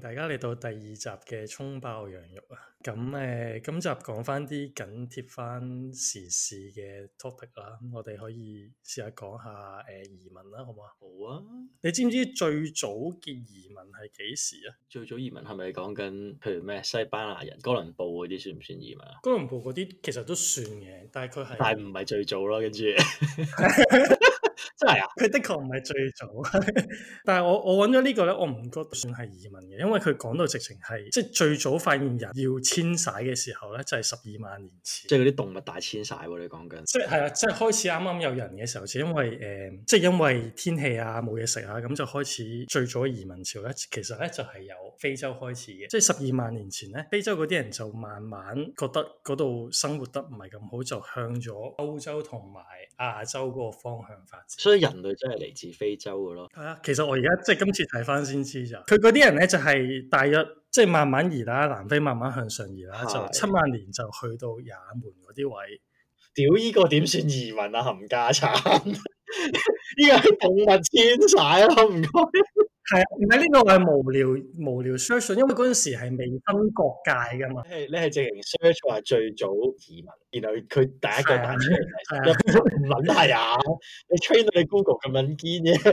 大家嚟到第二集嘅蔥爆羊肉啊，咁誒、呃，今集講翻啲緊貼翻時事嘅 topic 啦，咁我哋可以試下講下誒移民啦，好唔好？好啊，你知唔知最早嘅移民係幾時啊？最早移民係咪講緊譬如咩西班牙人、哥倫布嗰啲算唔算移民啊？哥倫布嗰啲其實都算嘅，但係佢係但係唔係最早咯，跟住。 真係啊！佢的確唔係最早， 但係我我揾咗呢個咧，我唔、這個、覺得算係移民嘅，因為佢講到直情係即係最早發現人要遷徙嘅時候咧，就係十二萬年前。即係嗰啲動物大遷徙喎、啊？你講緊？即係係啊！即係開始啱啱有人嘅時候，就因為誒、呃，即係因為天氣啊冇嘢食啊，咁就開始最早移民潮咧。其實咧就係、是、由非洲開始嘅，即係十二萬年前咧，非洲嗰啲人就慢慢覺得嗰度生活得唔係咁好，就向咗歐洲同埋亞洲嗰個方向發展。所以人類真係嚟自非洲嘅咯，係啊，其實我而家即係今次睇返先知咋，佢嗰啲人咧就係、是、大約即係慢慢移啦，南非慢慢向上移啦，的就七萬年就去到也門嗰啲位，屌依個點算移民啊，冚家鏟，依 個係動物遷徙咯，唔該。係，唔係呢個係無聊無聊 search，因為嗰陣時係未分國界嘅嘛。你係你係直情 search 話最早移民，然後佢第一個打出來，有冇咁敏係啊？ 你 train 到你 Google 咁敏堅啫？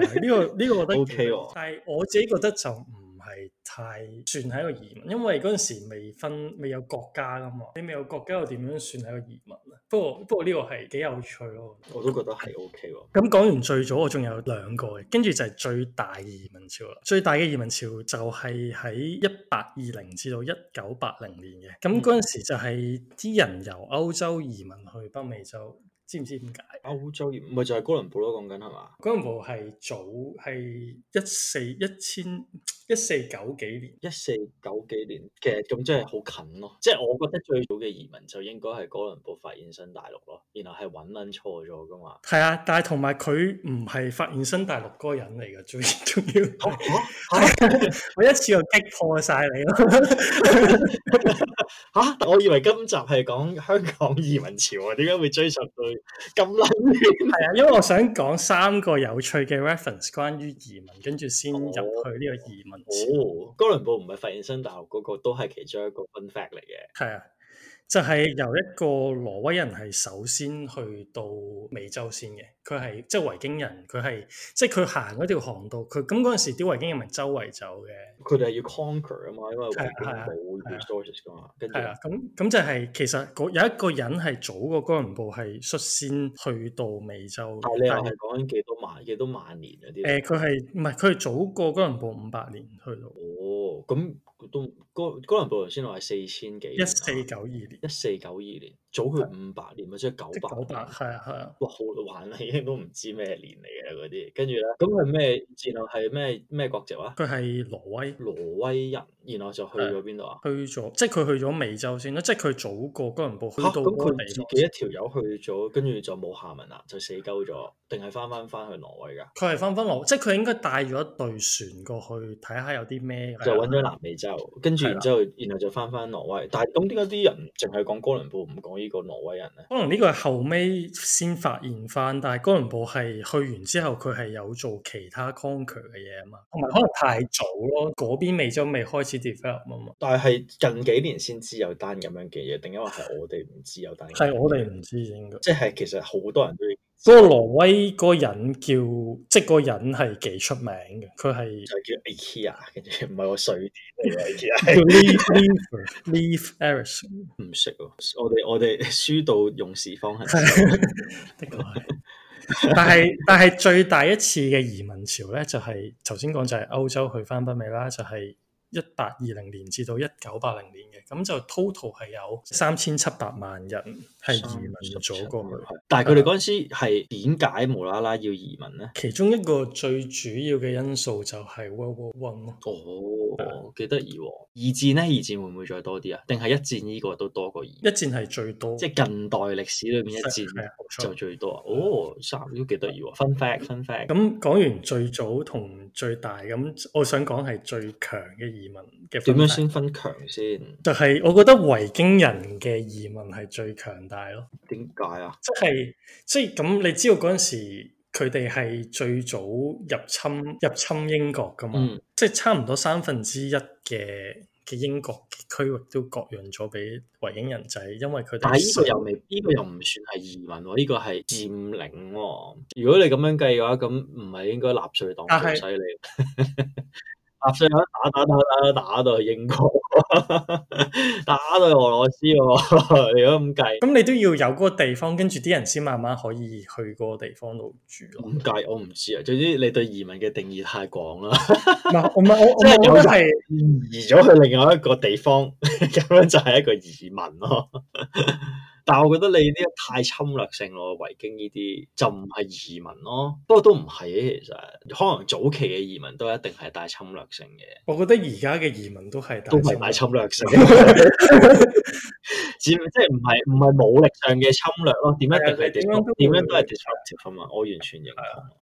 呢、 呢個呢、呢個我覺得 OK 喎、哦。但係我自己覺得就唔。係算係個移民，因為嗰陣時未分未有國家噶嘛，你未有國家又點樣算係個移民咧？不過不過呢個係幾有趣咯，我都覺得係 O K。咁講、嗯、完最早，我仲有兩個嘅，跟住就係最大嘅移民潮啦。最大嘅移民潮就係喺一八二零至到一九八零年嘅。咁嗰陣時就係啲人由歐洲移民去北美洲。知唔知點解？歐洲唔係就係哥倫布咯，講緊係嘛？哥倫布係早係一四一千一四九幾年，一四九幾年嘅，咁真係好近咯。即係、嗯、我覺得最早嘅移民就應該係哥倫布發現新大陸咯，然後係搵撚錯咗㗎嘛。係啊，但係同埋佢唔係發現新大陸嗰個人嚟㗎，最重要。我一次就擊破晒你咯。嚇！但我以為今集係講香港移民潮啊，點解會追溯到？咁捻遠係啊，因為我想講三個有趣嘅 reference 關於移民，跟住先入去呢個移民、哦。哦，哥倫布唔係發現新大陸嗰個，都係其中一個 fun fact 嚟嘅。係啊。就係由一個挪威人，係首先去到美洲先嘅，佢係即係維京人，佢係即係佢行嗰條航道，佢咁嗰陣時啲維京人咪周圍走嘅，佢哋係要 conquer 啊嘛，因為維京人冇 resources 㗎嘛，跟住係啊，咁咁、啊啊後啊、就係、是、其實有一個人係早過哥倫布係率先去到美洲，但係講緊幾多萬幾多萬年嗰、啊、啲，誒，佢係唔係佢係早過哥倫布五百年去到，哦，咁都。哥哥倫布原先話係四千幾，一四九二年，一四九二年，年早去五百年，咪即係九百，九百係啊係啊，哇好玩啊，已經都唔知咩年嚟嘅嗰啲，跟住咧，咁佢咩？然後係咩咩國籍啊？佢係挪威，挪威人，然後就去咗邊度啊？去咗，即係佢去咗美洲先啦，即係佢早過哥倫布去到。咁佢、啊、幾一條友去咗，跟住、啊、就冇下文啦，啊，就死鳩咗，定係翻翻翻去挪威㗎？佢係翻翻挪，即係佢應該帶咗一隊船過去睇下有啲咩，就揾咗南美洲， 跟然之後，然後就翻翻挪威。但係，咁點解啲人淨係講哥倫布，唔講呢個挪威人咧？可能呢個係後尾先發現翻，但係哥倫布係去完之後，佢係有做其他 conquer 嘅嘢啊嘛。同埋可能太早咯，嗰邊未將未開始 develop 啊嘛。但係近幾年先知有單咁樣嘅嘢，定因為係我哋唔知有單？係 我哋唔知應該。即係其實好多人都。嗰個挪威嗰個人叫，即係嗰人係幾出名嘅，佢係 叫 Akiya 跟住唔係我瑞典嚟 Akiya，叫 Leif Leif Ericsson 唔識喎，我哋我哋書到用士方係。但係但係最大一次嘅移民潮咧，就係頭先講就係歐洲去翻北美啦，就係、是。一八二零年至到一九八零年嘅，咁就 total 係有三千七百萬人係移民咗過去。但係佢哋嗰時係點解無啦啦要移民咧？其中一個最主要嘅因素就係 World War One 咯。哦，幾得意喎！二戰咧，二戰會唔會再多啲啊？定係一戰呢個都多過二？一戰係最多，即係近代歷史裏面一戰就最多啊！的哦，三都幾得意喎！Fun fact，fun fact。咁講完最早同最大，咁我想講係最強嘅移民嘅點樣先分強先？就係我覺得維京人嘅移民係最強大咯。點解啊？即係即係咁，你知道嗰陣時佢哋係最早入侵入侵英國噶嘛？即係、嗯、差唔多三分之一嘅嘅英國區域都割讓咗俾維京人仔，就係、因為佢哋。但係呢個又未，呢、呢個又唔算係移民喎、哦，呢、呢個係佔領喎、哦。如果你咁樣計嘅話，咁唔係應該納稅黨好犀利。啊 踏上打打打打打到去英國，打到去俄羅斯喎。如果咁計，咁你都要有嗰個地方，跟住啲人先慢慢可以去嗰個地方度住。咁計我唔知啊，總之你對移民嘅定義太廣啦。唔係唔係，我我係移咗去另外一個地方，咁樣就係一個移民咯。 但我覺得你呢啲太侵略性咯，維京呢啲就唔係移民咯，不過都唔係嘅，其實可能早期嘅移民都一定係帶侵略性嘅。我覺得而家嘅移民都係都唔係帶侵略性，只即係唔係唔係武力上嘅侵略咯。點一定係點樣都係 destructive 啊嘛，嗯、我完全認同。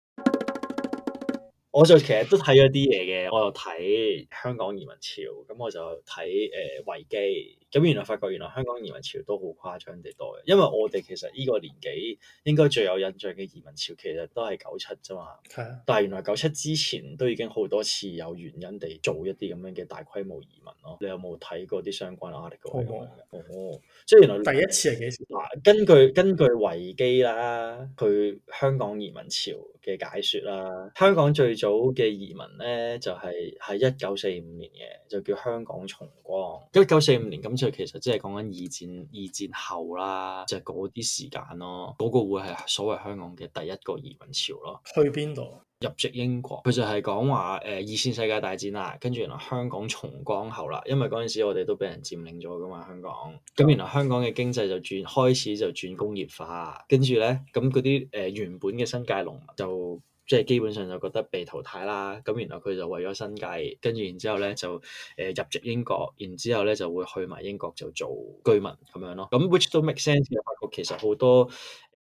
我就其實都睇咗啲嘢嘅，我又睇香港移民潮，咁我就睇誒、呃、維基，咁原來發覺原來香港移民潮都好誇張地多嘅，因為我哋其實呢個年紀應該最有印象嘅移民潮，其實都係九七啫嘛。的但係原來九七之前都已經好多次有原因地做一啲咁樣嘅大規模移民咯。你有冇睇過啲相關 a r t i c 過？哦的，即的以原來，原來第一次係幾時？嗱，根據根據維基啦，佢香港移民潮。嘅解説啦，香港最早嘅移民咧就係喺一九四五年嘅，就叫香港重光。一九四五年咁就其實即係講緊二戰二戰後啦，就係嗰啲時間咯，嗰個會係所謂香港嘅第一個移民潮咯。去邊度？入籍英國，佢就係講話誒二次世界大戰啦，跟住原來香港重光後啦，因為嗰陣時我哋都俾人佔領咗噶嘛香港，咁原來香港嘅經濟就轉開始就轉工業化，跟住咧咁嗰啲誒原本嘅新界農民就即係基本上就覺得被淘汰啦，咁然後佢就為咗新界，跟住然之後咧就誒、呃、入籍英國，然之後咧就會去埋英國就做居民咁樣咯，咁 which 都 make sense 嘅，發覺其實好多。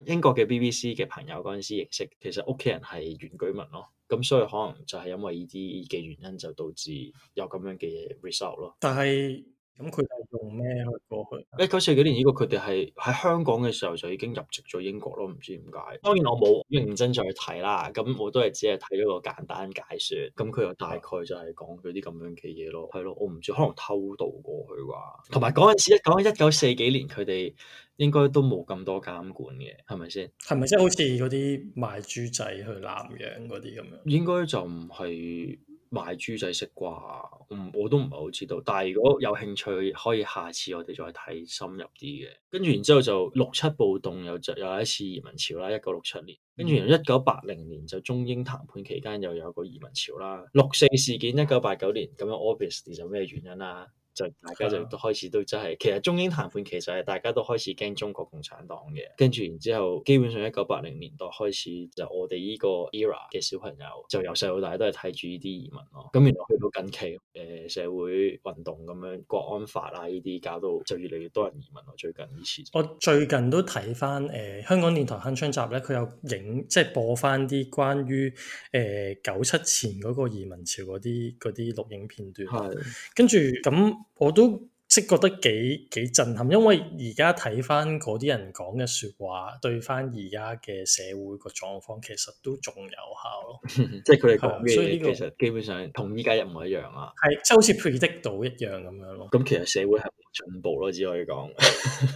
英國嘅 BBC 嘅朋友嗰陣時認識，其實屋企人係原居民囉，咁所以可能就係因為呢啲嘅原因，就導致有咁樣嘅 result 囉。但係。咁佢係用咩去過去？一九四幾年呢個佢哋係喺香港嘅時候就已經入籍咗英國咯，唔知點解。當然我冇認真再去睇啦，咁我都係只係睇咗個簡單解說，咁佢又大概就係講佢啲咁樣嘅嘢咯。係咯，我唔知可能偷渡過去啩。同埋講起似一九一九四幾年，佢哋應該都冇咁多監管嘅，係咪先？係咪先好似嗰啲賣豬仔去南洋嗰啲咁樣？應該就唔係。賣豬仔食啩，嗯，我都唔係好知道。但係如果有興趣，可以下次我哋再睇深入啲嘅。跟住然之後就六七暴動，又再有一次移民潮啦，一九六七年。跟住然後一九八零年就中英談判期間又有一個移民潮啦。六四事件一九八九年，咁樣 obviously 就咩原因啦、啊？就大家就都開始都真係，的其實中英談判其實係大家都開始驚中國共產黨嘅，跟住然之後基本上一九八零年代開始就我哋呢個 era 嘅小朋友就由細到大都係睇住呢啲移民咯，咁原來去到近期誒、呃、社會運動咁樣國安法啊呢啲搞到就越嚟越多人移民咯，最近依次。我最近都睇翻誒香港電台鏗鏘集咧，佢有影即係播翻啲關於誒九七前嗰個移民潮嗰啲嗰啲錄影片段，的跟住咁。我都即覺得幾幾震撼，因為而家睇翻嗰啲人講嘅說話，對翻而家嘅社會個狀況，其實都仲有效咯。 即係佢哋講嘅嘢，所以呢個、其實基本上同而家一模一樣啊。係，即係好似 predict 到一樣咁樣咯。咁 其實社會係進步咯，只可以講，uh,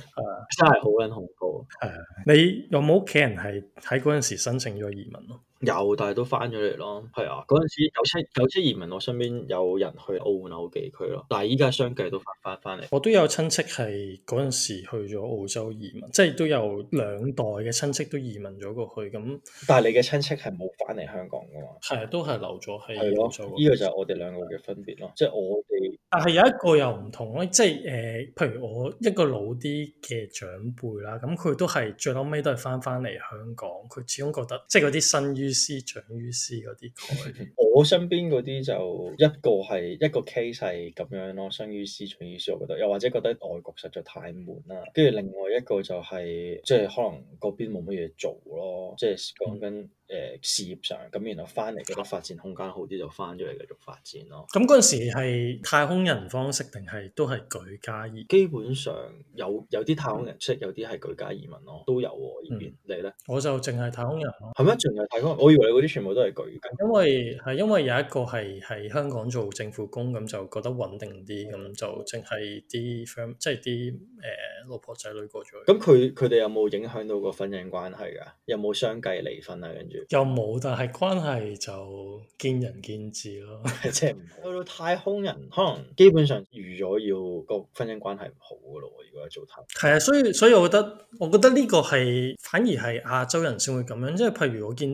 真係好撚恐怖。誒，uh, 你有冇屋企人係喺嗰陣時申請咗移民咯？有，但係都翻咗嚟咯。係啊，嗰陣時有出有出移民，我身邊有人去澳澳地區咯。但係依家相繼都翻翻翻嚟。我都有親戚係嗰陣時去咗澳洲移民，嗯、即係都有兩代嘅親戚都移民咗過去。咁，但係你嘅親戚係冇翻嚟香港㗎嘛？係啊，啊都係留咗喺澳洲。呢、啊呢個就係我哋兩個嘅分別咯。即係我哋，但係有一個又唔同咯，即係誒。呃譬如我一個老啲嘅長輩啦，咁佢都係最後尾都係翻翻嚟香港，佢始終覺得即係嗰啲生於斯長於斯嗰啲、那個、我身邊嗰啲就一個係一個 case 係咁樣咯，生於斯長於斯，我覺得又或者覺得外國實在太悶啦，跟住另外一個就係、是、即係可能嗰邊冇乜嘢做咯，即係講緊。嗯誒、呃、事業上，咁然後翻嚟覺得發展空間好啲，就翻咗嚟繼續發展咯。咁嗰陣時係太空人方式定係都係舉家移？基本上有有啲太空人式，有啲係舉家移民咯，都有喎、啊嗯、呢邊你咧？我就淨係太空人咯。係咪？淨係太空人？我以為你嗰啲全部都係舉家。因為係因為有一個係喺香港做政府工，咁就覺得穩定啲，咁就淨係啲 f i 即係啲誒老婆仔女過咗去。咁佢佢哋有冇影響到個婚姻關係㗎？有冇相繼離婚啊？跟住？又冇，但係關係就見仁見智咯。 即係去到太空人，可能基本上預咗要個婚姻關係唔好噶咯。 如果做太空，係啊，所以所以我覺得，我覺得呢個係反而係亞洲人先會咁樣。即係譬如我見啲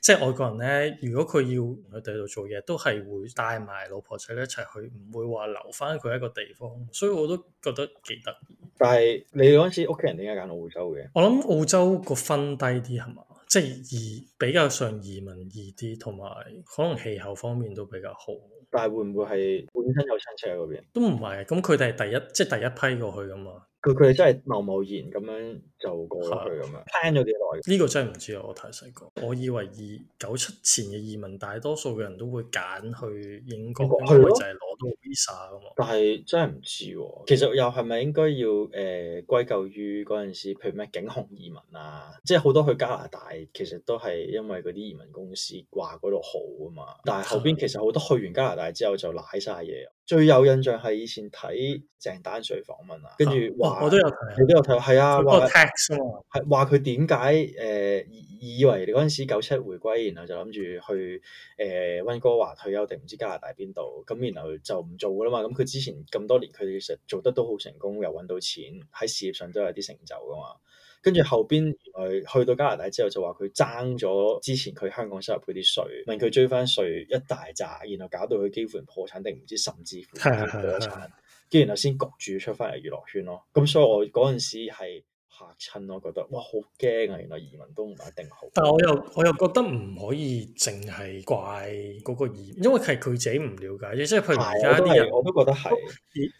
即係外國人咧，如果佢要去第度做嘢，都係會帶埋老婆仔一齊去，唔會話留翻佢一個地方。所以我都覺得幾得意。但係你嗰陣時，屋企人點解揀澳洲嘅？ 我諗澳洲個分低啲係嘛？即係移，比較上移民易啲，同埋可能氣候方面都比較好。但係會唔會係本身有親戚喺嗰邊？都唔係，咁佢哋係第一即係第一批過去㗎嘛。佢哋真係貿貿然咁樣就過咗去咁樣的，plan 咗幾耐？呢個真係唔知啊！我太細個，我以為二九七前嘅移民，大多數嘅人都會揀去英國，係咯，就係攞到 visa 噶嘛。但係真係唔知。其實又係咪應該要誒歸、呃、咎於嗰陣時，譬如咩景鴻移民啊，即係好多去加拿大，其實都係因為嗰啲移民公司話嗰度好啊嘛。但係後邊其實好多去完加拿大之後就瀨晒嘢。最有印象係以前睇鄭丹瑞訪問啊，跟住、哦、我都有睇，你都有睇，係啊，話係話佢點解誒以以為你嗰陣時九七回歸，然後就諗住去誒温哥華退休定唔知加拿大邊度，咁然後就唔做噶啦嘛。咁佢之前咁多年佢哋其實做得都好成功，又揾到錢，喺事業上都有啲成就噶嘛。跟住後邊，去去到加拿大之後就話佢爭咗之前佢香港收入嗰啲稅，問佢追翻稅一大扎，然後搞到佢幾乎破產定唔知甚至乎係破產，跟住 然後先焗住出翻嚟娛樂圈咯。咁所以我嗰陣時係。嚇親，我覺得哇好驚啊！原來移民都唔一定好，但係我又我又覺得唔可以淨係怪嗰個移民，因為係佢自己唔了解啫。即係譬如而家啲人，我都覺得係，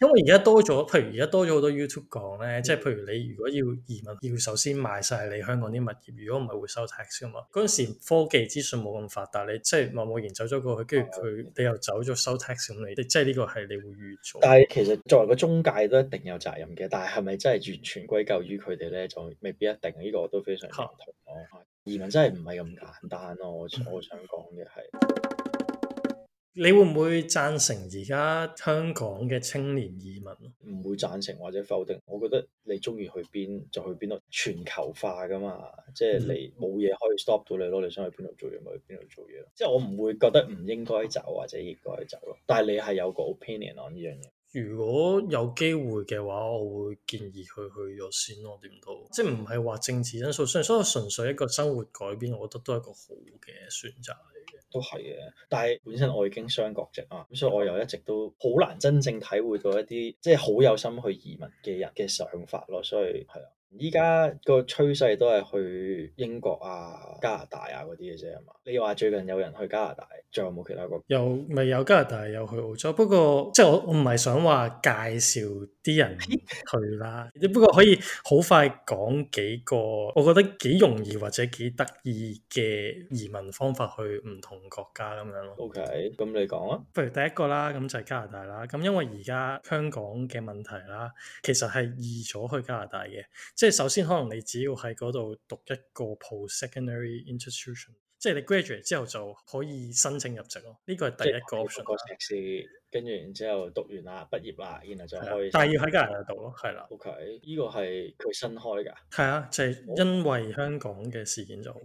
因為而家多咗，譬如而家多咗好多 YouTube 講咧，即係、嗯、譬如你如果要移民，要首先賣晒你香港啲物業，如果唔係會收 tax 噶嘛。嗰陣時科技資訊冇咁發達，你即係貿貿然走咗過去，跟住佢你又走咗收 tax 咁對，你即係呢個係你會預咗。但係其實作為個中介都一定有責任嘅，但係係咪真係完全歸咎於佢哋？咧就未必一定，呢、這個我都非常認同咯。啊、移民真係唔係咁簡單咯。我、嗯、我想講嘅係，你會唔會贊成而家香港嘅青年移民？唔會贊成或者否定。我覺得你中意去邊就去邊度，全球化噶嘛，即係你冇嘢、嗯、可以 stop 到你咯。你想去邊度做嘢咪去邊度做嘢咯。即係、嗯、我唔會覺得唔應該走或者應該走咯。但係你係有個 opinion on 呢樣嘢。如果有機會嘅話，我會建議佢去咗先咯，點都即係唔係話政治因素，雖然所以純粹一個生活改變，我覺得都係一個好嘅選擇嚟嘅。都係嘅，但係本身我已經雙國籍啊，咁所以我又一直都好難真正體會到一啲即係好有心去移民嘅人嘅想法咯，所以係啊。依家個趨勢都係去英國啊、加拿大啊嗰啲嘅啫，係嘛？你話最近有人去加拿大，仲有冇其他國家？有咪有加拿大，有去澳洲。不過即係我唔係想話介紹啲人去啦，你 不過可以好快講幾個，我覺得幾容易或者幾得意嘅移民方法去唔同國家咁樣咯。OK，咁你講啊？不如第一個啦，咁就係加拿大啦。咁因為而家香港嘅問題啦，其實係易咗去加拿大嘅。即係首先，可能你只要喺嗰度讀一個 post-secondary institution，即係你 graduate 之後就可以申請入職咯。呢、這個係第一個 option。跟住然之後讀完啦，畢業啦，然後就可以。但係要喺加拿大讀咯，係啦。OK，呢個係佢新開噶。係啊，就係、是、因為香港嘅事件就係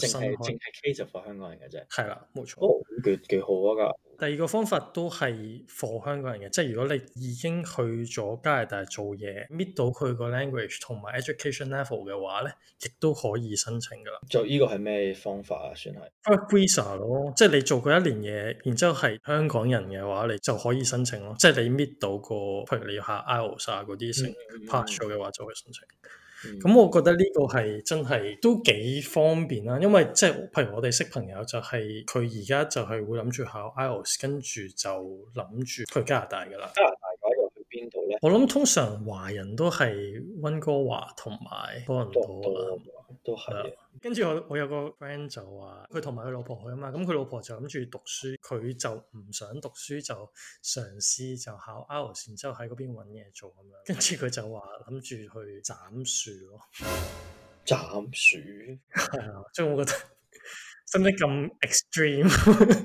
新開，淨係 case 就 for 香港人嘅啫。係啦，冇錯。哦、幾幾好啊！第二個方法都係 for 香港人嘅，即係如果你已經去咗加拿大做嘢，meet 到佢個 language 同埋 education level 嘅話咧，亦都可以申請噶啦。就依個係咩方法啊？算係。Work visa 咯，即係你做過一年嘢，然之後係香港人嘅話，你就可以申請咯。即係你 meet 到個，譬如你要下 IELTS 嗰啲成 partial 嘅、啊、話，就可以申請。咁、嗯、我覺得呢個係真係都幾方便啦、啊，因為即係譬如我哋識朋友就係佢而家就係會諗住考 IELTS，跟住就諗住去加拿大噶啦。邊度咧？我諗通常華人都係温哥華同埋多倫多啦，都係。跟住我，我有個 friend 就話，佢同埋佢老婆去啊嘛。咁佢老婆就諗住讀書，佢就唔想讀書，就嘗試就考澳洲，然之後喺嗰邊搵嘢做咁樣。跟住佢就話諗住去斬樹咯。斬樹係啊，即係我覺得。真得咁 extreme？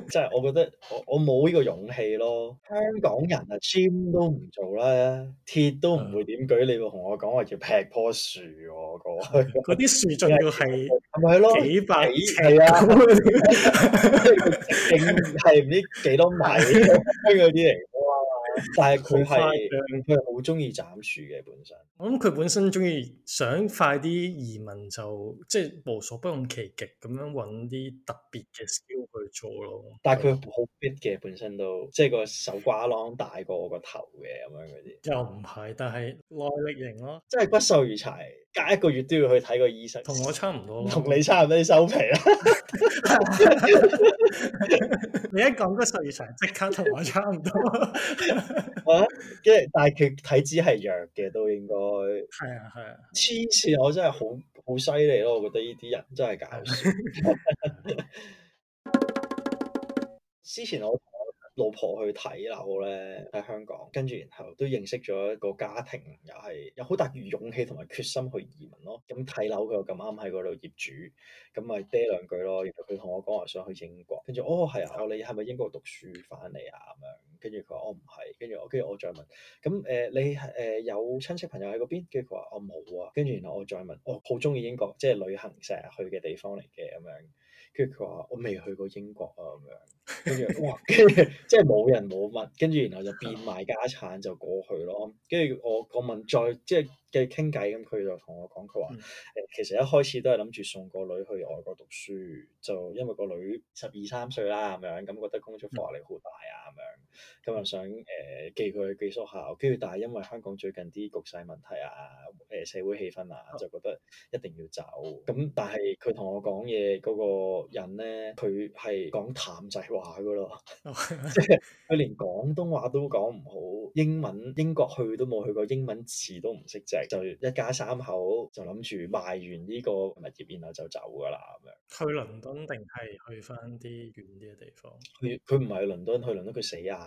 即 係我覺得我我冇呢個勇氣咯。香港人啊，gym 都唔做啦，鐵都唔會點舉。你要同我講話要劈棵樹喎？過去嗰啲 樹仲要係係咪？咯幾百尺啊！即係唔知幾多米嗰啲嚟。 但係佢係佢係好中意斬樹嘅本身。我諗佢本身中意想快啲移民，就即係無所不用其極咁樣揾啲特別嘅 skill 去做咯。嗯、對但係佢好 fit 嘅本身都即係個手瓜囊大過我個頭嘅咁樣嗰啲。又唔係，但係耐力型咯，即係骨瘦如柴。隔一個月都要去睇個醫生，同我差唔多，多，同你差唔多，你收皮啦。 你一講嗰十月長，即刻同我差唔多。 啊，跟住但係佢體脂係弱嘅，都應該係啊係啊。黐線，我真係好好犀利咯，我覺得呢啲人真係搞笑。 之前我。老婆去睇樓咧，喺香港，跟住然後都認識咗一個家庭，又係有好大嘅勇氣同埋決心去移民咯。咁、嗯、睇樓佢又咁啱喺嗰度業主，咁咪嗲兩句咯。然後佢同我講話想去英國，跟住哦，係啊，你係咪英國讀書翻嚟啊咁樣？跟住佢話我唔係，跟住我跟住我再問，咁誒你係誒有親戚朋友喺嗰邊？跟住佢話我冇啊。跟住、哦、然後我再問，嗯呃呃哦啊、我好中意英國，即係旅行成日去嘅地方嚟嘅咁樣。跟住佢話：我未去過英國啊，咁樣，跟住哇，跟住即係冇人冇物，跟住然後就變賣家產就過去咯。跟住我個問再即係繼續傾偈，咁佢就同我講：佢話誒，其實一開始都係諗住送個女去外國讀書，就因為個女十二三歲啦，咁樣咁覺得工作負壓力好大啊，咁樣。咁又想誒寄佢寄宿校，跟住但係因為香港最近啲局勢問題啊，誒、呃、社會氣氛啊，就覺得一定要走。咁、oh. 但係佢同我講嘢嗰個人咧，佢係講譚仔話噶咯，即係佢連廣東話都講唔好，英文英國去都冇去過，英文字都唔識整，就一家三口就諗住賣完呢、這個物業，然後就走㗎啦咁樣。去倫敦定係去翻啲遠啲嘅地方？去佢唔係去倫敦，去倫敦佢死啊！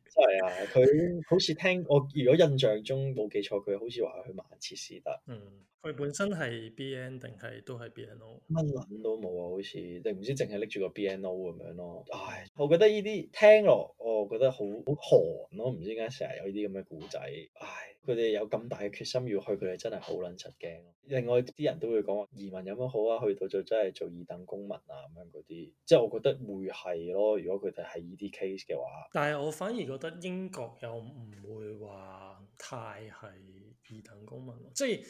係啊，佢 好似聽我，如果印象中冇記錯，佢好似話佢去曼徹斯特。嗯，佢本身係 B.N. 定係都係 B.N.O. 乜撚都冇啊，好似定唔知淨係拎住個 B.N.O. 咁樣咯。唉，我覺得呢啲聽落，我覺得好好寒咯。唔知點解成日有呢啲咁嘅故仔。唉，佢哋有咁大嘅決心要去，佢哋真係好撚出驚。另外啲人都會講移民有乜好啊？去到就真係做二等公民啊咁樣嗰啲。即係我覺得會係咯，如果佢哋係呢啲 case 嘅話。但係我反而覺得。英國又唔會話太係二等公民咯，即係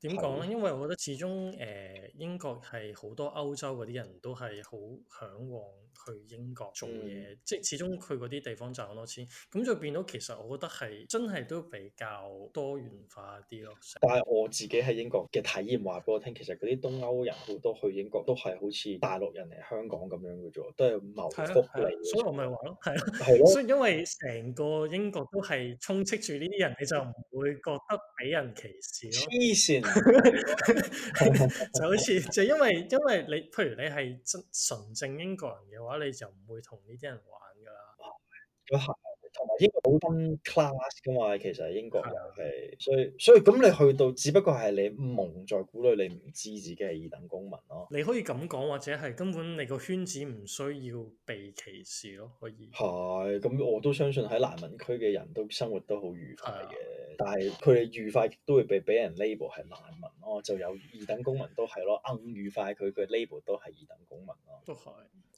點講咧？因為我覺得始終誒、呃、英國係好多歐洲嗰啲人都係好向往。去英國做嘢，即係始終去嗰啲地方賺好多錢，咁就變到其實我覺得係真係都比較多元化啲咯。但係我自己喺英國嘅體驗話俾我聽，其實嗰啲東歐人好多去英國都係好似大陸人嚟香港咁樣嘅啫，都係謀福利。所 以我咪話咯，係 咯，所以因為成個英國都係充斥住呢啲人，你就唔會覺得俾人歧視咯。黐線，就好似就因為因為你譬如你係真純正英國人嘅。話你就唔會同呢啲人玩㗎啦。都係，同埋英國好分 class 㗎嘛。其實英國又係的，所以所以咁你去到，只不過係你蒙在鼓裏，你唔知自己係二等公民咯。你可以咁講，或者係根本你個圈子唔需要被歧視咯。可以係咁，我都相信喺難民區嘅人都生活都好愉快嘅。的但係佢哋愉快亦都會被俾人 label 係難民咯，就有二等公民都係咯，奀、嗯、愉快佢佢 label 都係二等公民咯，都係。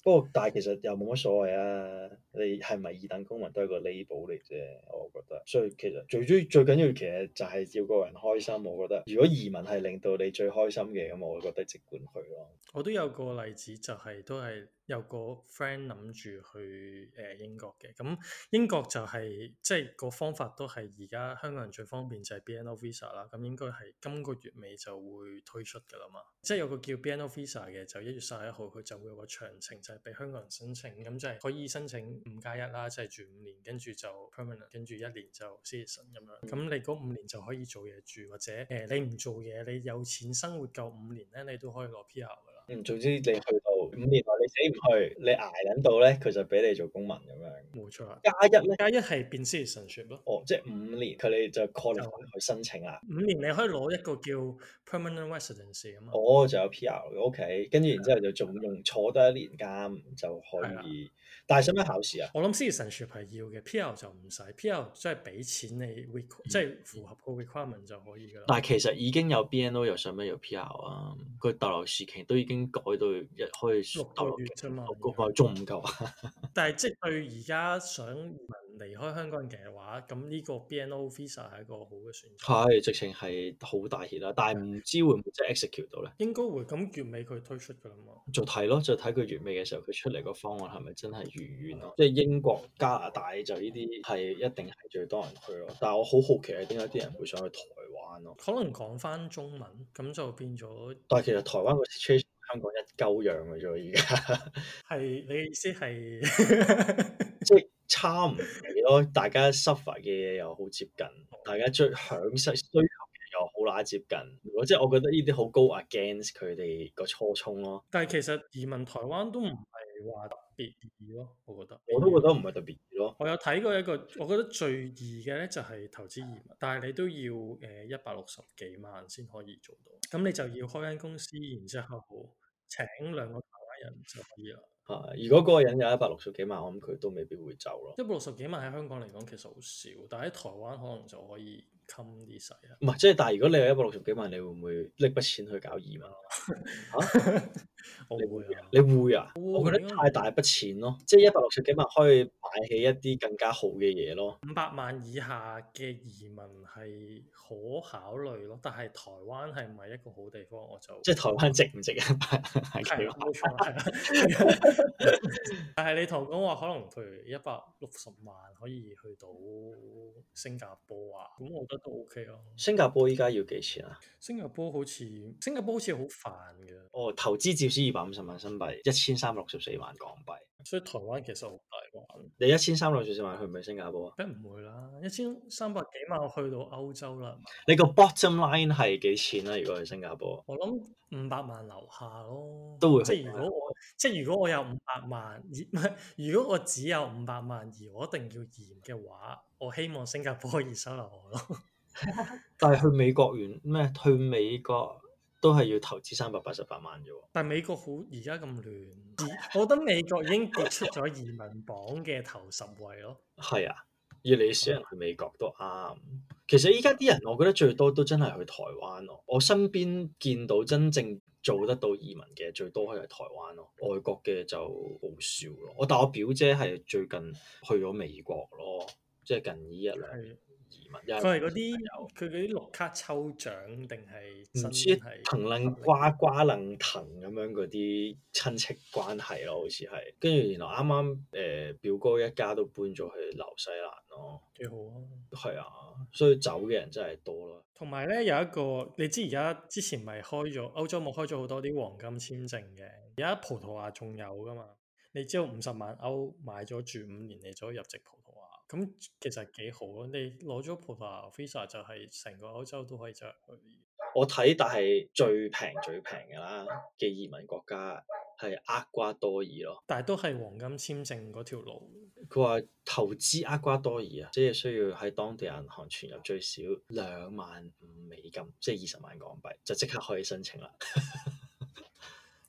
不過但係其實又冇乜所謂啊，你係咪二等公民都係個彌補嚟啫，我覺得，所以其實最主要、最緊要其實就係要個人開心，我覺得，如果移民係令到你最開心嘅，咁我會覺得直管去咯。我都有個例子就係、是、都係。有個 friend 諗住去誒英國嘅，咁英國就係、是、即係個方法都係而家香港人最方便就係 BNO Visa 啦，咁應該係今個月尾就會推出嘅啦嘛。即係有個叫 BNO Visa 嘅，就一月三十一號佢就會有個詳情，就係俾香港人申請，咁即係可以申請五加一啦，即、就、係、是、住五年，跟住就 permanent，跟住一年就 citizen 咁樣。咁你嗰五年就可以做嘢住，或者誒、呃、你唔做嘢，你有錢生活夠五年咧，你都可以攞 PR。嗯，總之你去到五年內你死唔去，你捱緊到咧，佢就俾你做公民咁樣。冇錯啊，加一咧？加一係變先神粹咯。哦，即係五年，佢哋就 call 你去申請啦。五年你可以攞一個叫 permanent residence 咁啊。哦，就有 PR OK，跟住然之後，後就仲用坐多一年監就可以。但係使唔使考試啊？我諗 seasonship 係要嘅，P.L 就唔使，P.L 即係俾錢你即係、就係、符合個 requirement 就可以噶啦、嗯嗯。但係其實已經有 B.N.O 又使唔使要 P.L 啊？佢逗留時期都已經改到日可六個月啫嘛，六個月仲唔夠啊？但係即係對而家想離開香港嘅話，咁呢個 BNO Visa 係一個好嘅選擇。係，直情係好大熱啦，但係唔知會唔會即係 execute 到咧？應該會咁，月尾佢推出噶啦嘛。就睇咯，就睇佢月尾嘅時候，佢出嚟個方案係咪真係如願咯？嗯、即係英國、加拿大就呢啲係一定係最多人去咯。但係我好好奇係點解啲人會想去台灣咯、嗯？可能講返中文咁就變咗。但係其實台灣個 situation 香港一鳩樣嘅啫，而家係你嘅意思係即係。差唔多，大家 suffer 嘅嘢又好接近，大家最享受需求嘅又好乸接近。如果即係，我覺得呢啲好 go against 佢哋個初衷咯。但係其實移民台灣都唔係話特別易咯，我覺得。嗯、我都覺得唔係特別易咯。我有睇過一個我覺得最易嘅，咧就係投資移民，但係你都要誒一百六十幾萬先可以做到。咁你就要開間公司，然之後請兩個台灣人就可以啦。如果嗰個人有一百六十幾萬，我諗佢都未必會走咯。一百六十幾萬喺香港嚟講其實好少，但係喺台灣可能就可以。冚啲使啊！唔係，即係但係如果你有一百六十幾萬，你會唔會拎筆錢去搞移民啊？嚇？我會啊？你會啊？我覺得太大筆錢咯，即係一百六十幾萬可以買起一啲更加好嘅嘢咯。五百萬以下嘅移民係可考慮咯，但係台灣係唔係一個好地方？我就即係台灣值唔值啊？係啊，係但係你同講話可能譬如一百六十萬可以去到新加坡啊，咁我覺得。都 OK 咯。新加坡依家要幾錢啊新？新加坡好似，新加坡好似好煩嘅。哦，投資至少二百五十萬新幣，一千三百六十四萬港幣。所以台灣其實好大鑊。你一千三百幾萬去唔去新加坡啊？梗唔會啦，一千三百幾萬我去到歐洲啦。你個 bottom line 係幾錢啊？如果去新加坡，我諗五百萬樓下咯。都會即係如果我，啊，即係如果我有五百萬，唔係如果我只有五百萬而我一定要移嘅話，我希望新加坡可以收留我咯。但係去美國完咩？去美國。都係要投資三百八十八萬啫喎，但美國好而家咁亂，我覺得美國已經跌出咗移民榜嘅頭十位咯。係 啊，越嚟越少人去美國都啱。其實依家啲人，我覺得最多都真係去台灣咯。我身邊見到真正做得到移民嘅最多係台灣咯，外國嘅就好少咯。我但我表姐係最近去咗美國咯，即係近呢一兩年。移民佢係嗰啲，佢嗰啲綠卡抽獎定係唔知藤掕瓜瓜掕藤咁樣嗰啲親戚關係咯，好似係。跟住原來啱啱誒表哥一家都搬咗去紐西蘭咯，幾好啊！係啊，所以走嘅人真係多咯。同埋咧有一個，你知而家之前咪開咗歐洲，冇開咗好多啲黃金簽證嘅。而家葡萄牙仲有噶嘛？你只要五十萬歐買咗，住五年，你就可以入籍咁其實幾好啊。你攞咗葡萄牙 visa 就係成個歐洲都可以着。我睇，但係最平最平嘅啦嘅移民國家係厄瓜多爾咯。但係都係黃金簽證嗰條路。佢話投資厄瓜多爾啊，即係需要喺當地銀行存入最少兩萬五美金，即係二十萬港幣，就即刻可以申請啦，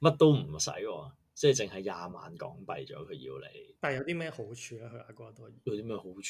乜 都唔使喎。即係淨係廿萬港幣咗，佢要你。但係有啲咩好處咧、啊？去阿瓜多爾？有啲咩好處？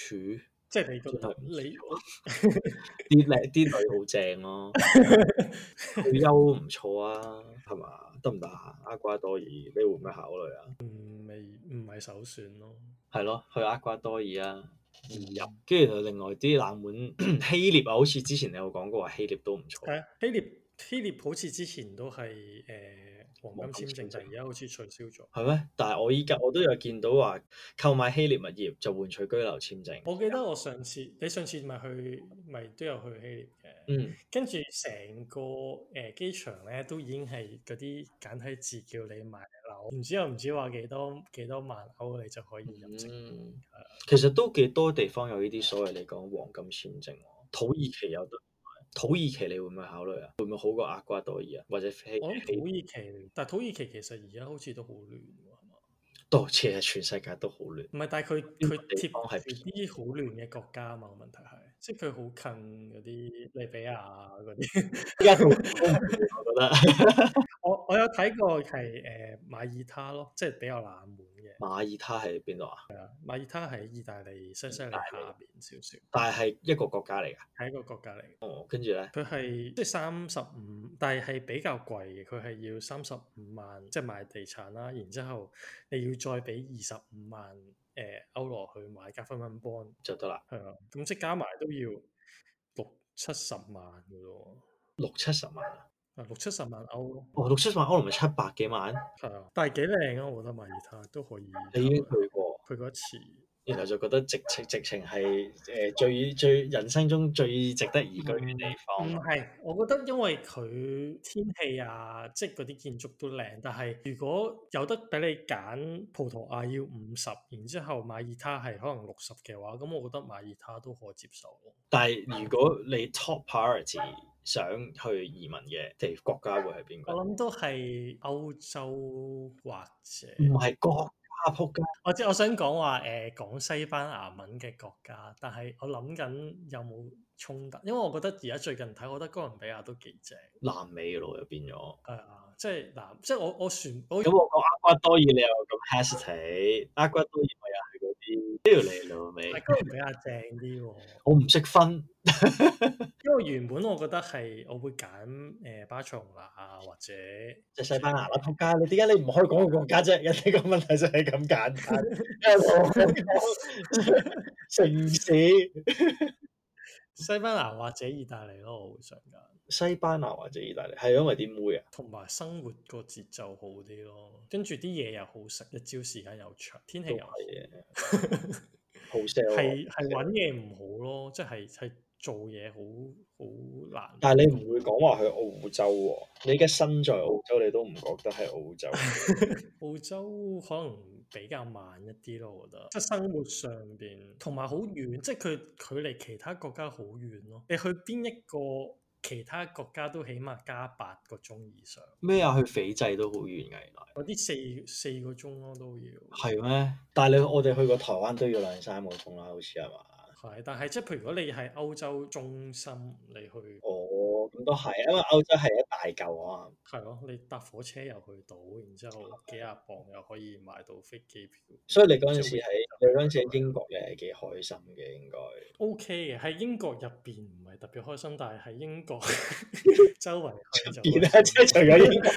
即係你覺得你啲靚啲女好正咯、啊，退休唔錯啊，係嘛？得唔得啊？阿瓜多爾，你會唔會考慮啊？嗯、未，唔係首選咯。係咯，去阿瓜多爾啊！二入，跟住另外啲冷門 希臘啊，好似之前你有講過話希臘都唔錯。係啊，希臘希臘好似之前都係誒。欸嗯黃金簽證就而家好似取消咗，係咩？但係我依家我都有見到話購買希臘物業就換取居留簽證。我記得我上次你上次咪去咪都有去希臘嘅，嗯、跟住成個誒機場咧都已經係嗰啲簡體字叫你買樓，唔知又唔知話幾多幾多萬樓你就可以入證、嗯。其實都幾多地方有呢啲所謂你講黃金簽證喎，土耳其有。土耳其你會唔會考慮啊？會唔會好過厄瓜多爾啊？或者飛，我諗土耳其，但係土耳其其實而家好似都好亂，係嘛？多謝全世界都好亂。唔係，但係佢佢地方係啲好亂嘅國家啊嘛？問題係，即係佢好近嗰啲利比亞啊嗰啲。我覺得我我有睇過係誒馬耳他咯，即係比較冷門。馬爾他係邊度啊？係啊，馬爾他係意大利西西里下邊少少，但係一個國家嚟噶。係一個國家嚟。哦，跟住呢，佢係即係三十五，就是、35, 但係係比較貴嘅，佢係要三十五萬，即係買地產啦，然之後你要再俾二十五萬誒歐羅去買加分分 bond 就得啦。係啊，咁即係加埋都要六七十萬嘅咯。六七十萬。六七十萬歐咯，哦，六七十萬歐唔係七百幾萬？係啊，但係幾靚啊！我覺得馬爾他都可以。你已經去過，去過一次，然後就覺得直情直，直情係誒、呃、最最人生中最值得宜居嘅地方。唔係、嗯，我覺得因為佢天氣啊，即係嗰啲建築都靚。但係如果有得俾你揀，葡萄牙要五十，然之後馬爾他係可能六十嘅話，咁我覺得馬爾他都可以接受、嗯、但係如果你 top priority？想去移民嘅地國家會係邊個？我諗都係歐洲或者唔係國家國家。 我即係我想講話誒講西班牙文嘅國家，但係我諗緊有冇衝突？因為我覺得而家最近睇，我覺得哥倫比亞都幾正。南美嘅路入變咗。係啊、 嗯嗯，即係南，即係我我船。咁我，我講阿瓜多爾，你又咁 hesitate？厄瓜多爾。呢條嚟路咪，阿哥唔比較正啲。我唔識分， 因為原本我覺得係我會揀誒、呃、巴塞隆拿，啊，或者即係西班牙啦。撲街， 你點解你唔可以講個國家啫？人哋個問題就係咁簡單城市， 西班牙或者意大利咯，我好想揀。西班牙或者意大利，係因為點會啊？同埋生活個節奏好啲咯，跟住啲嘢，又好食，一朝時間又長，天氣又好， 好 sell 哦。係，係揾嘢唔好咯，即係係做嘢好好難。但係你唔會講話去澳洲喎？你嘅身在澳洲，你都唔覺得係澳洲？ 澳洲可能比較慢一啲咯，我覺得。即係生活上面，同埋好遠，即係佢佢離其他國家好遠咯。你去邊一個？其他國家都起碼加八個鐘以上。咩啊？去斐濟都好遠㗎，原來。嗰啲四四個鐘咯都要。係咩？但係你我哋去過台灣都要兩三個鐘啦，好似係嘛？係，但係即係譬如果你係歐洲中心，你去。哦。咁都係，因為歐洲係一大嚿啊。係咯、 啊，你搭火車又去到，然之後幾廿磅又可以買到飛機票。所以你嗰陣時喺你嗰陣時喺英國你係幾開心嘅，應該。O K 嘅，喺英國入邊唔係特別開心，但係喺英國 周圍入邊咧，即係除咗英國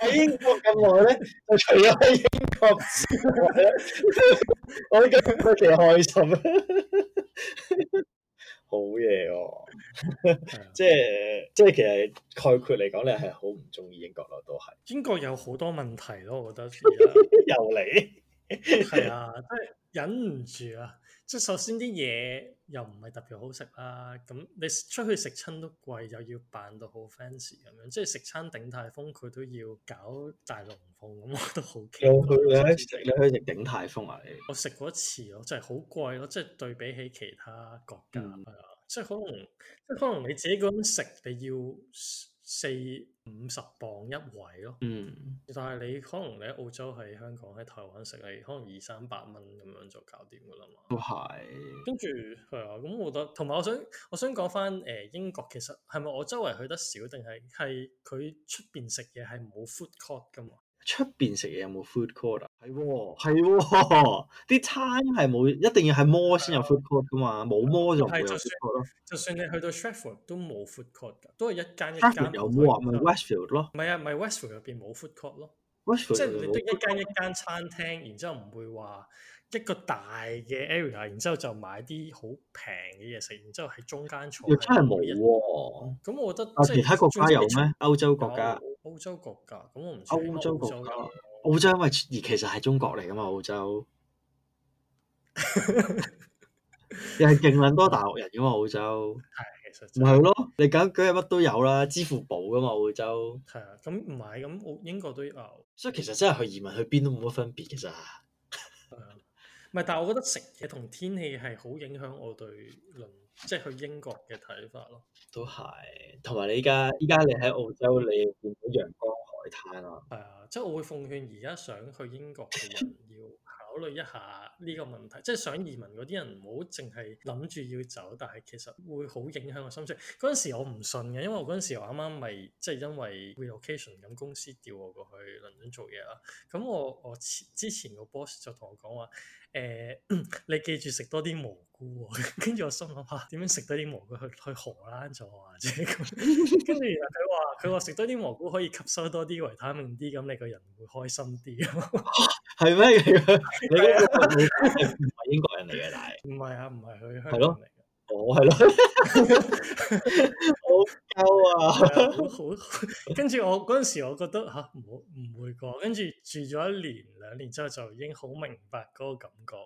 喺英國咁耐，我咧除咗喺英國， 英國英國 我都幾開心。 好嘢哦、啊！ 即係即係，其實概括嚟講，你係好唔中意英國咯，都係。英國有好多問題咯，我覺得 又嚟來，係 啊，即係忍唔住啊！即係首先啲嘢又唔係特別好食啦，咁你出去食親都貴，又要扮到好 fancy 咁樣，即係食餐鼎泰豐佢都要搞大龍鳳，咁我都好驚。去食咧、就是、鼎泰豐啊！我食過一次，我真係好貴咯，即係對比起其他國家。嗯即係可能，即係可能你自己咁樣食，你要四五十磅一位咯。嗯，但係你可能你喺澳洲、喺香港、喺台灣食係可能二三百蚊咁樣就搞掂噶啦嘛。都係是。跟住係啊，咁我覺得，同埋我想，我想講翻誒英國其實係咪我周圍去得少，定係係佢出邊食嘢係冇 food court 噶嘛？出邊食嘢有冇 food court 啊？係喎，係喎，啲餐係冇，一定要喺魔先有 food court 噶嘛，冇魔就冇有 food court 咯。就算你去到 Sheffield 都冇 food court 噶，都係一間一間。有冇話 Westfield 咯？唔係啊，咪 Westfield 入邊冇 food court 咯。Westfield 即係你都一間一間餐廳，然之後唔會話一個大嘅 area，然之後就買啲好平嘅嘢食，然之後喺中間坐。真係冇喎。咁我覺得。即係啊，其他國家有咩？歐洲國家？澳洲國家咁我唔，澳洲國家，澳洲因為而其實係中國嚟噶嘛，澳洲又係勁捻多大陸人噶嘛，澳洲係其實唔係咯，你講講嘢乜都有啦，支付寶噶嘛，澳洲係啊，咁唔係咁，英國都有啊，所以其實真係去移民去邊都冇乜分別噶咋，唔係，但係我覺得食嘢同天氣係好影響我對。即係去英國嘅睇法咯，都係。同埋你而家，而家你喺澳洲，你見到陽光海灘啊。係啊，即係我會奉勸，而家想去英國嘅人要。 考慮一下呢個問題，即係想移民嗰啲人唔好淨係諗住要走，但係其實會好影響我心情。嗰陣時我唔信嘅，因為我嗰陣時我啱啱咪即係因為 relocation 咁公司調我過去倫敦做嘢啦。咁我我前之前個 boss 就同我講話誒，你記住食多啲蘑菇、哦。跟 住我心諗下、啊、點樣食多啲蘑菇去去荷蘭做啊？即 咁。」跟住佢話佢話食多啲蘑菇可以吸收多啲維他命 D，咁你個人會開心啲。 係咩？一 adv od oczywiście 二 börjar 你嘅唔係英國人嚟嘅，但係唔係啊？唔係去香港嚟嘅，我係咯、那個，好鳩啊！好跟住我嗰陣時，我覺得吓，唔會唔會啩？跟住住咗一年兩年之後，就已經好明白嗰個感覺。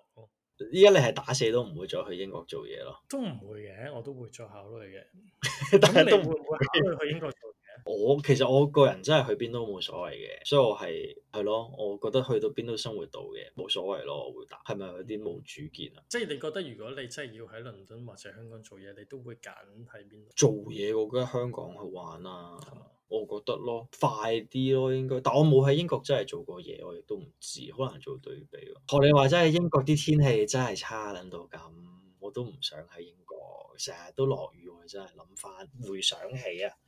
依家你係打死都唔會再去英國做嘢咯？都唔會嘅，我都會再考慮嘅。但咁你會唔會考慮去英國做？我其實我個人真係去邊都冇所謂嘅，所以我係係咯，我覺得去到邊都生活到嘅，冇所謂咯。我回答係咪有啲冇主見啊？即係你覺得如果你真係要喺倫敦或者香港做嘢，你都會揀喺邊？做嘢我覺得香港，去玩啊，吧我覺得咯，快啲咯應該。但我冇喺英國真係做過嘢，我亦都唔知，可能做對比。學、嗯、你話真係英國啲天氣真係差撚到咁，我都唔想喺英國，成日都落雨，我真係諗翻回想起啊～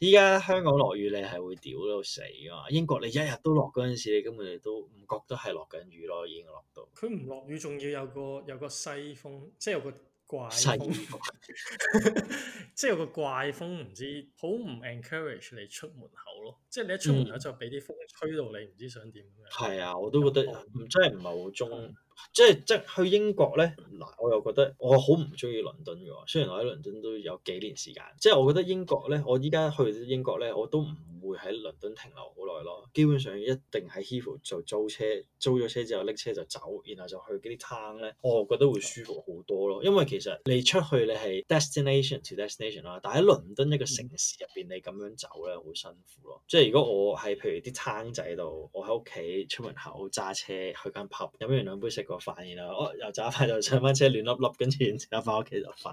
依家香港落雨你係會屌到死啊。英國你一日都落嗰陣時，你根本都唔覺得係落緊雨咯，已經落到。佢唔落雨，仲要有個有個西風，即係有個怪風，西風 即係有個怪風，唔知好唔 encourage 你出門口咯。即係你一出門口、嗯、就俾啲風吹到你，唔知想點。係啊，我都覺得唔真係唔係好中。嗯即係即去英國咧，嗱我又覺得我好唔中意倫敦㗎喎，雖然我喺倫敦都有幾年時間，即係我覺得英國咧，我依家去英國咧我都唔會喺倫敦停留好耐咯，基本上一定喺 Heathrow 就租車，租咗車之後拎車就走，然後就去嗰啲 town 咧，我覺得會舒服好多咯。因為其實你出去你係 destination to destination 啦，但喺倫敦一個城市入邊你咁樣走咧，好辛苦咯。即係如果我係譬如啲 town 仔度，我喺屋企出門口揸車去間 pub 飲完兩杯食個飯，然後哦又揸翻又上翻車亂笠笠，跟住然後翻屋企就瞓，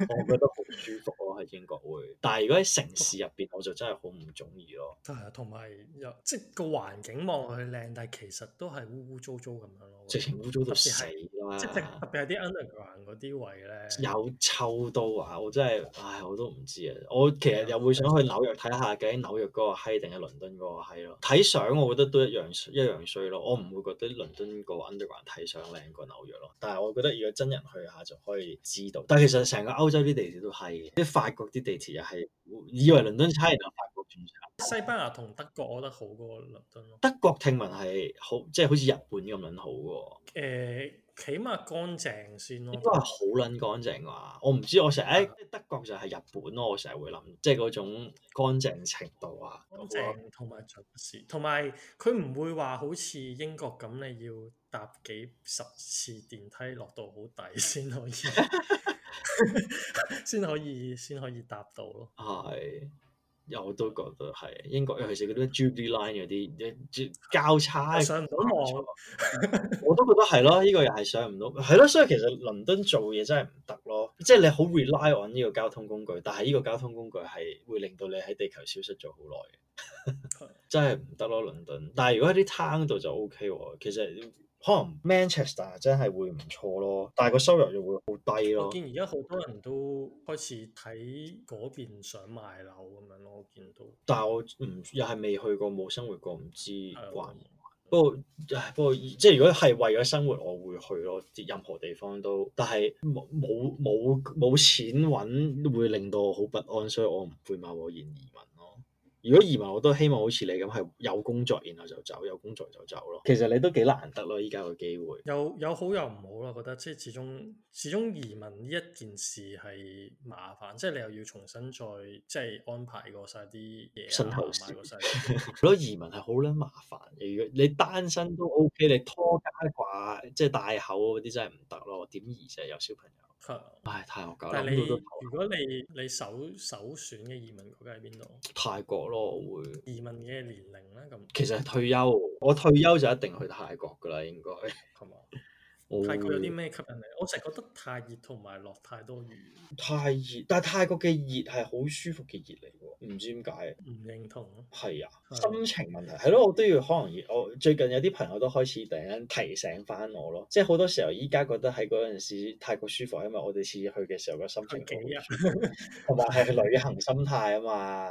我覺得好舒服咯喺英國會。但係如果喺城市入邊我就真係好唔中意。都係，同埋又即個環境望落去靚，但係其實都係污污糟糟咁樣咯。直情污糟到死啦！即特特別係啲 underground 嗰啲位咧，有臭到啊！我真係唉，我都唔知啊。我其實又會想去紐約睇下，究竟紐約嗰個閪定係倫敦嗰個閪咯？睇相我覺得都一樣一樣衰咯。我唔會覺得倫敦個 underground 睇相靚過紐約咯。但係我覺得如果真人去下就可以知道。但係其實成個歐洲啲地鐵都閪，啲法國啲地鐵又係以為倫敦差人哋西班牙同德國，我覺得好過倫敦咯。德國聽聞係好，即係好似日本咁樣好嘅。誒、呃，起碼乾淨先咯。都係好撚乾淨啊！我唔知，我成日誒， 德國就係日本咯。我成日會諗，即係嗰種乾淨程度啊。乾淨同埋準時，同埋佢唔會話好似英國咁，你要搭幾十次電梯落到好低 先可以，先可以先可以搭到咯。係。 我都覺得係，英國尤其是嗰啲 Jubilee line 嗰啲，你交叉上唔到網， 我都覺得係咯，呢、呢個又係上唔到，係 咯，所以其實倫敦做嘢真係唔得咯，即係你好 rely on 呢個交通工具，但係呢個交通工具係會令到你喺地球消失咗好耐， 真係唔得咯，倫敦。但係如果喺啲 town 度就 OK 喎，其實。可能 Manchester 真係會唔錯咯，但係個收入又會好低咯。我見而家好多人都開始睇嗰邊想買樓咁樣咯，我見到。但係我唔又係未去過，冇生活過，唔知關。不過不過，即係、嗯、如果係為咗生活，我會去咯，即係任何地方都。但係冇冇冇冇錢揾，會令到我好不安，所以我唔會馬上移民。如果移民，我都希望好似你咁係有工作，然後就走，有工作就走咯。其實你都幾難得咯，依家個機會。有有好有唔好咯，我覺得即係始終始終移民呢一件事係麻煩，即係你又要重新再即係安排過晒啲嘢啊，買過曬。我覺得移民係好撚麻煩。如果你單身都 OK，你拖家掛即係帶口嗰啲真係唔得咯。點移就係有小朋友。唉，太惡教啦！但你，如果你你首首選嘅移民國家喺邊度？泰國咯，我會移民嘅年齡咧咁。其實係退休，我退休就一定去泰國㗎啦，應該係嘛？泰國有啲咩吸引你？我成日覺得太熱同埋落太多雨。太熱，但係泰國嘅熱係好舒服嘅熱嚟喎，唔知點解，唔認同。係啊，的心情問題係咯，我都要可能我最近有啲朋友都開始突然提醒翻我咯，即係好多時候依家覺得喺嗰陣時泰國舒服，因為我哋次次去嘅時候個心情，同埋係旅行心態啊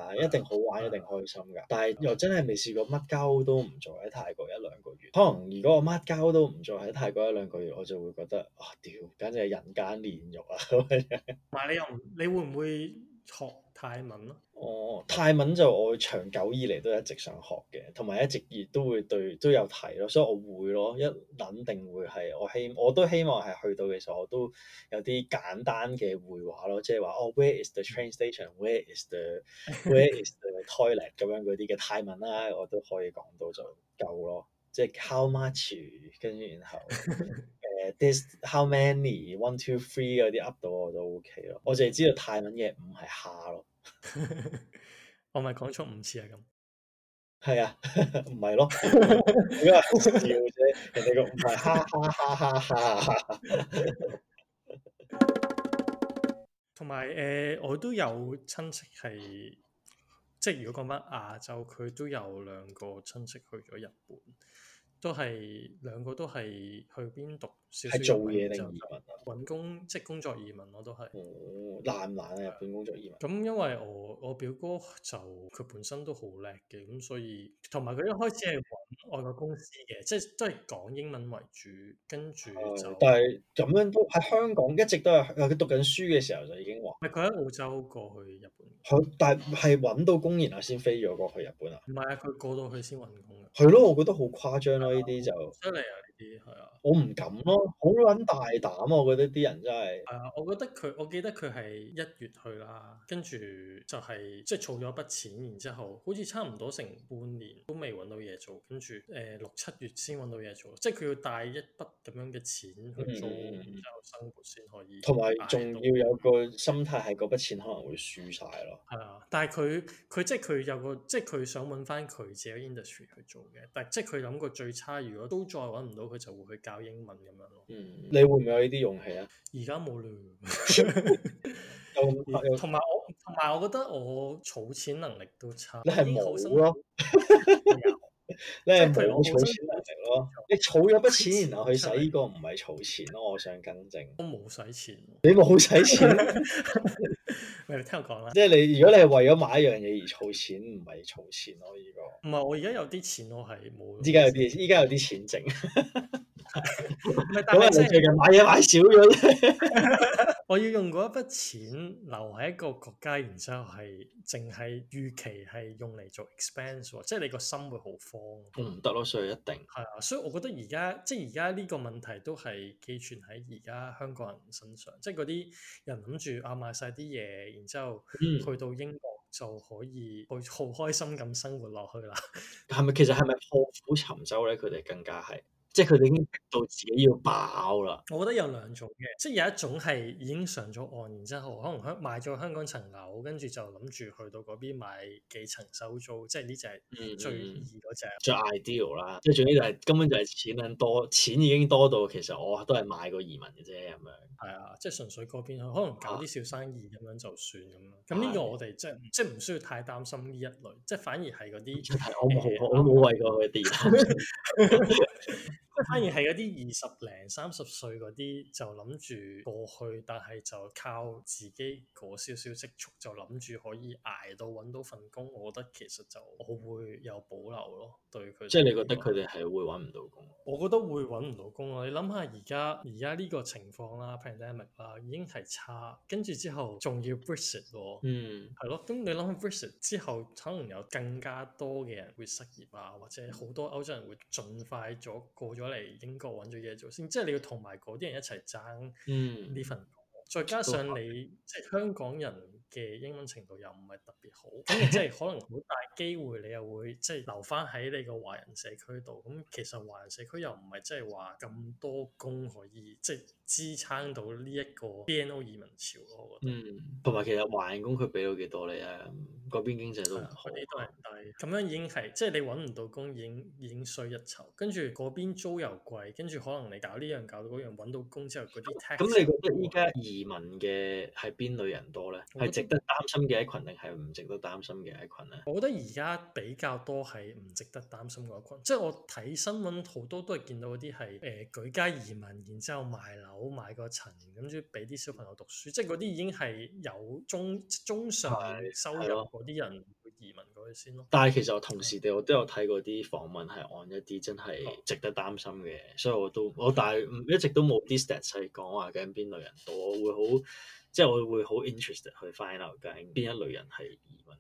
嘛，一定好玩，的一定開心噶。但係又真係未試過乜交都唔做喺泰國一兩個月，可能如果我乜交都唔做喺泰國一兩個月。我就會覺得啊屌，簡直係人間煉獄啊！咁樣，你又唔？你會唔會學泰文咯？哦，泰文就我長久以嚟都一直想學嘅，同埋一直亦都會對都有睇咯，所以我會咯，一諗定會係我希我都希望係去到嘅時候，我都有啲簡單嘅會話咯，即係話哦，Where is the train station？Where is the Where is the toilet？咁 樣嗰啲嘅泰文啦，我都可以講到就夠咯。即係 how much，跟住然後誒、 uh, this how many one two three 嗰啲 up 到我都 OK 咯。我淨係知道泰文嘢唔係蝦咯。我咪講錯五次係咁。係啊，唔係咯。而家笑啫，係呢個唔係哈蝦蝦蝦蝦。同埋誒，我都有親戚係，即係如果講返亞洲，佢都有兩個親戚去咗日本。都係兩個都，都係去邊讀？係做嘢定移民啊？揾工即係工作移民，我都係。哦，難唔難啊？日本工作移民。咁因為我我表哥就佢本身都好叻嘅，咁所以同埋佢一開始係揾外國公司嘅，即係都係講英文為主，跟住就。但係咁樣都喺香港一直都係，佢讀緊書嘅時候就已經話。唔係佢喺澳洲過去日本。佢但係係揾到工，然後先飛咗過去日本啊？唔係啊，佢過到去先揾工嘅。係咯，我覺得好誇張咯，呢啲就。真係啊！呢啲係啊。我唔敢咯。好撚大膽啊！我覺得啲人真係誒、啊，我覺得佢，我記得佢係一月去啦，跟住就係即係儲咗一筆錢，然之後好似差唔多成半年都未揾到嘢做，跟住誒六七月先揾到嘢做，即係佢要帶一筆咁樣嘅錢去做、嗯、然後生活先可以，同埋仲要有個心態係嗰筆錢可能會輸晒咯。係啊，但係佢佢即係佢有個即係佢想揾翻佢自己 industry 去做嘅，但係即係佢諗過最差如果都再揾唔到，佢就會去教英文咁樣。嗯，你會唔會有呢啲勇氣啊？而家冇咯，同埋我同埋我覺得我儲錢能力都差，你係冇咯，你係唔係冇儲錢。 咯，明明你儲咗筆錢，然後去使呢個唔係儲錢咯。我想更正，我冇使錢，你冇使錢， 喂，你聽我講啦。即係你，如果你係為咗買一樣嘢而儲錢，唔係儲錢咯。呢、這個唔係，我而家有啲錢，我係冇。依家有啲，依家有啲錢剩。咁 是 你最近買嘢買,買少咗 我要用嗰一筆錢留喺一個國家，然之後係淨係預期係用嚟做 expense，、哦、 即係你個心會好慌。我唔得咯，所以一定。Uh, 所以我覺得而家即係而家呢個問題都係寄存喺而家香港人身上，即係嗰啲人諗住啊買晒啲嘢，然之後、嗯、去到英國就可以去好開心咁生活落去啦。係 咪其實係咪破釜沉舟呢？佢哋更加係。即係佢哋已經到自己要爆啦。我覺得有兩種嘅，即係有一種係已經上咗岸，然之後可能香買咗香港層樓，跟住就諗住去到嗰邊買幾層收租。即係呢隻最易嗰隻、嗯、最 ideal 啦。即係總之就係根本就係錢多，錢已經多到其實我都係買個移民嘅啫咁樣。係啊，即、就、係、是、純粹嗰邊可能搞啲小生意咁樣就算咁咯。咁呢、啊、個我哋即係是即係唔需要太擔心呢一類，即係反而係嗰啲。我冇，嗯、我冇為過佢哋。 即反而係嗰啲二十零三十歲嗰啲就諗住過去，但係就靠自己嗰少少積蓄就諗住可以捱到揾到份工。我覺得其實就我會有保留咯，對佢。即係你覺得佢哋係會揾唔到工？我覺得會揾唔到工啊！你諗下而家而家呢個情況啦，pandemic 啦，已經係差，跟住之後仲要 Brexit。嗯，係咯。咁你諗下 Brexit 之後，可能有更加多嘅人會失業啊，或者好多歐洲人會盡快咗過咗。攞嚟英國揾咗嘢做先，即係你要同埋啲人一齊爭呢份，再加上你 即係香港人。嘅英文程度又唔係特別好，咁即係可能好大機會你又會即係留翻喺你個華人社區度。咁其實華人社區又唔係即係話咁多工可以即係、就是、支撐到呢一個 BNO 移民潮咯。我覺得同埋、嗯、其實華人工佢俾到幾多你呀？嗰邊經濟都，唔好，人低。咁樣已經係即係你揾唔到工已經已經衰一籌。跟住嗰邊租又貴，跟住可能你搞呢樣搞到嗰樣揾到工之後嗰啲，咁、嗯、你覺得依家移民嘅係邊類人多咧？嗯得擔心嘅一群定係唔值得擔心嘅一群咧？我覺得而家比較多係唔值得擔心嗰一群。即係我睇新聞好多都係見到啲係誒，舉家移民，然之後賣樓買個層，咁先俾啲小朋友讀書，即係嗰啲已經係有中中上收入嗰啲人。移民嗰啲先咯，但係其實我同時地我都有睇過啲訪問係按一啲真係值得擔心嘅，哦、所以我都我但係一直都冇啲 stats 係講話緊邊類人多，我會好即係我會好 interested 去 find out 究竟邊、嗯、一類人係移民。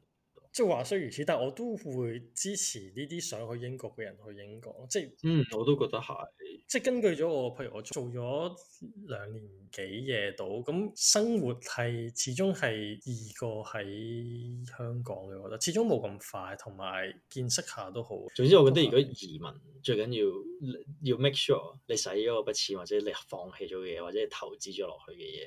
即係話雖如此，但係我都會支持呢啲想去英國嘅人去英國。即係，嗯，我都覺得係。即係根據咗我，譬如我做咗兩年幾嘢到，咁生活係始終係易過喺香港嘅，我覺得始終冇咁快，同埋見識下都好。總之我覺得如果移民是最緊要要 make sure 你使咗個筆錢，或者你放棄咗嘅嘢，或者你投資咗落去嘅嘢。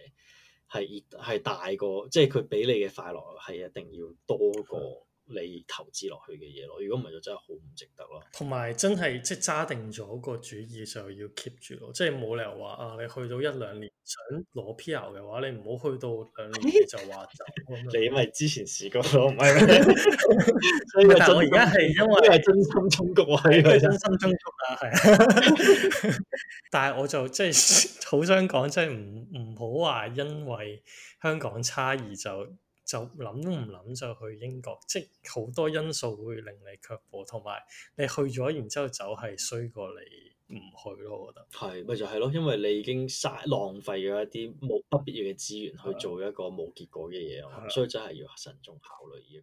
係熱係大過，即係佢俾你嘅快樂係一定要多過。嗯你投資落去嘅嘢咯，如果唔係就真係好唔值得咯。同埋真係即係揸定咗個主意就要 keep 住咯，即係冇理由話啊你去到一兩年想攞 PR 嘅話，你唔好去到兩年你就話走。 樣你咪之前試過咯，唔係？所以我而家係因為 你真心忠國喺，是是真心忠國啊，係 但係我就即係好想講，即係唔唔好話因為香港差異就。就諗都唔諗就去英國，即係好多因素會令你卻步，同埋你去咗然之後走係衰過你唔去咯，我覺得。係，咪就係、是、咯，因為你已經嘥浪費咗一啲冇不必要嘅資源去做一個冇結果嘅嘢，的所以真係要慎重考慮呢一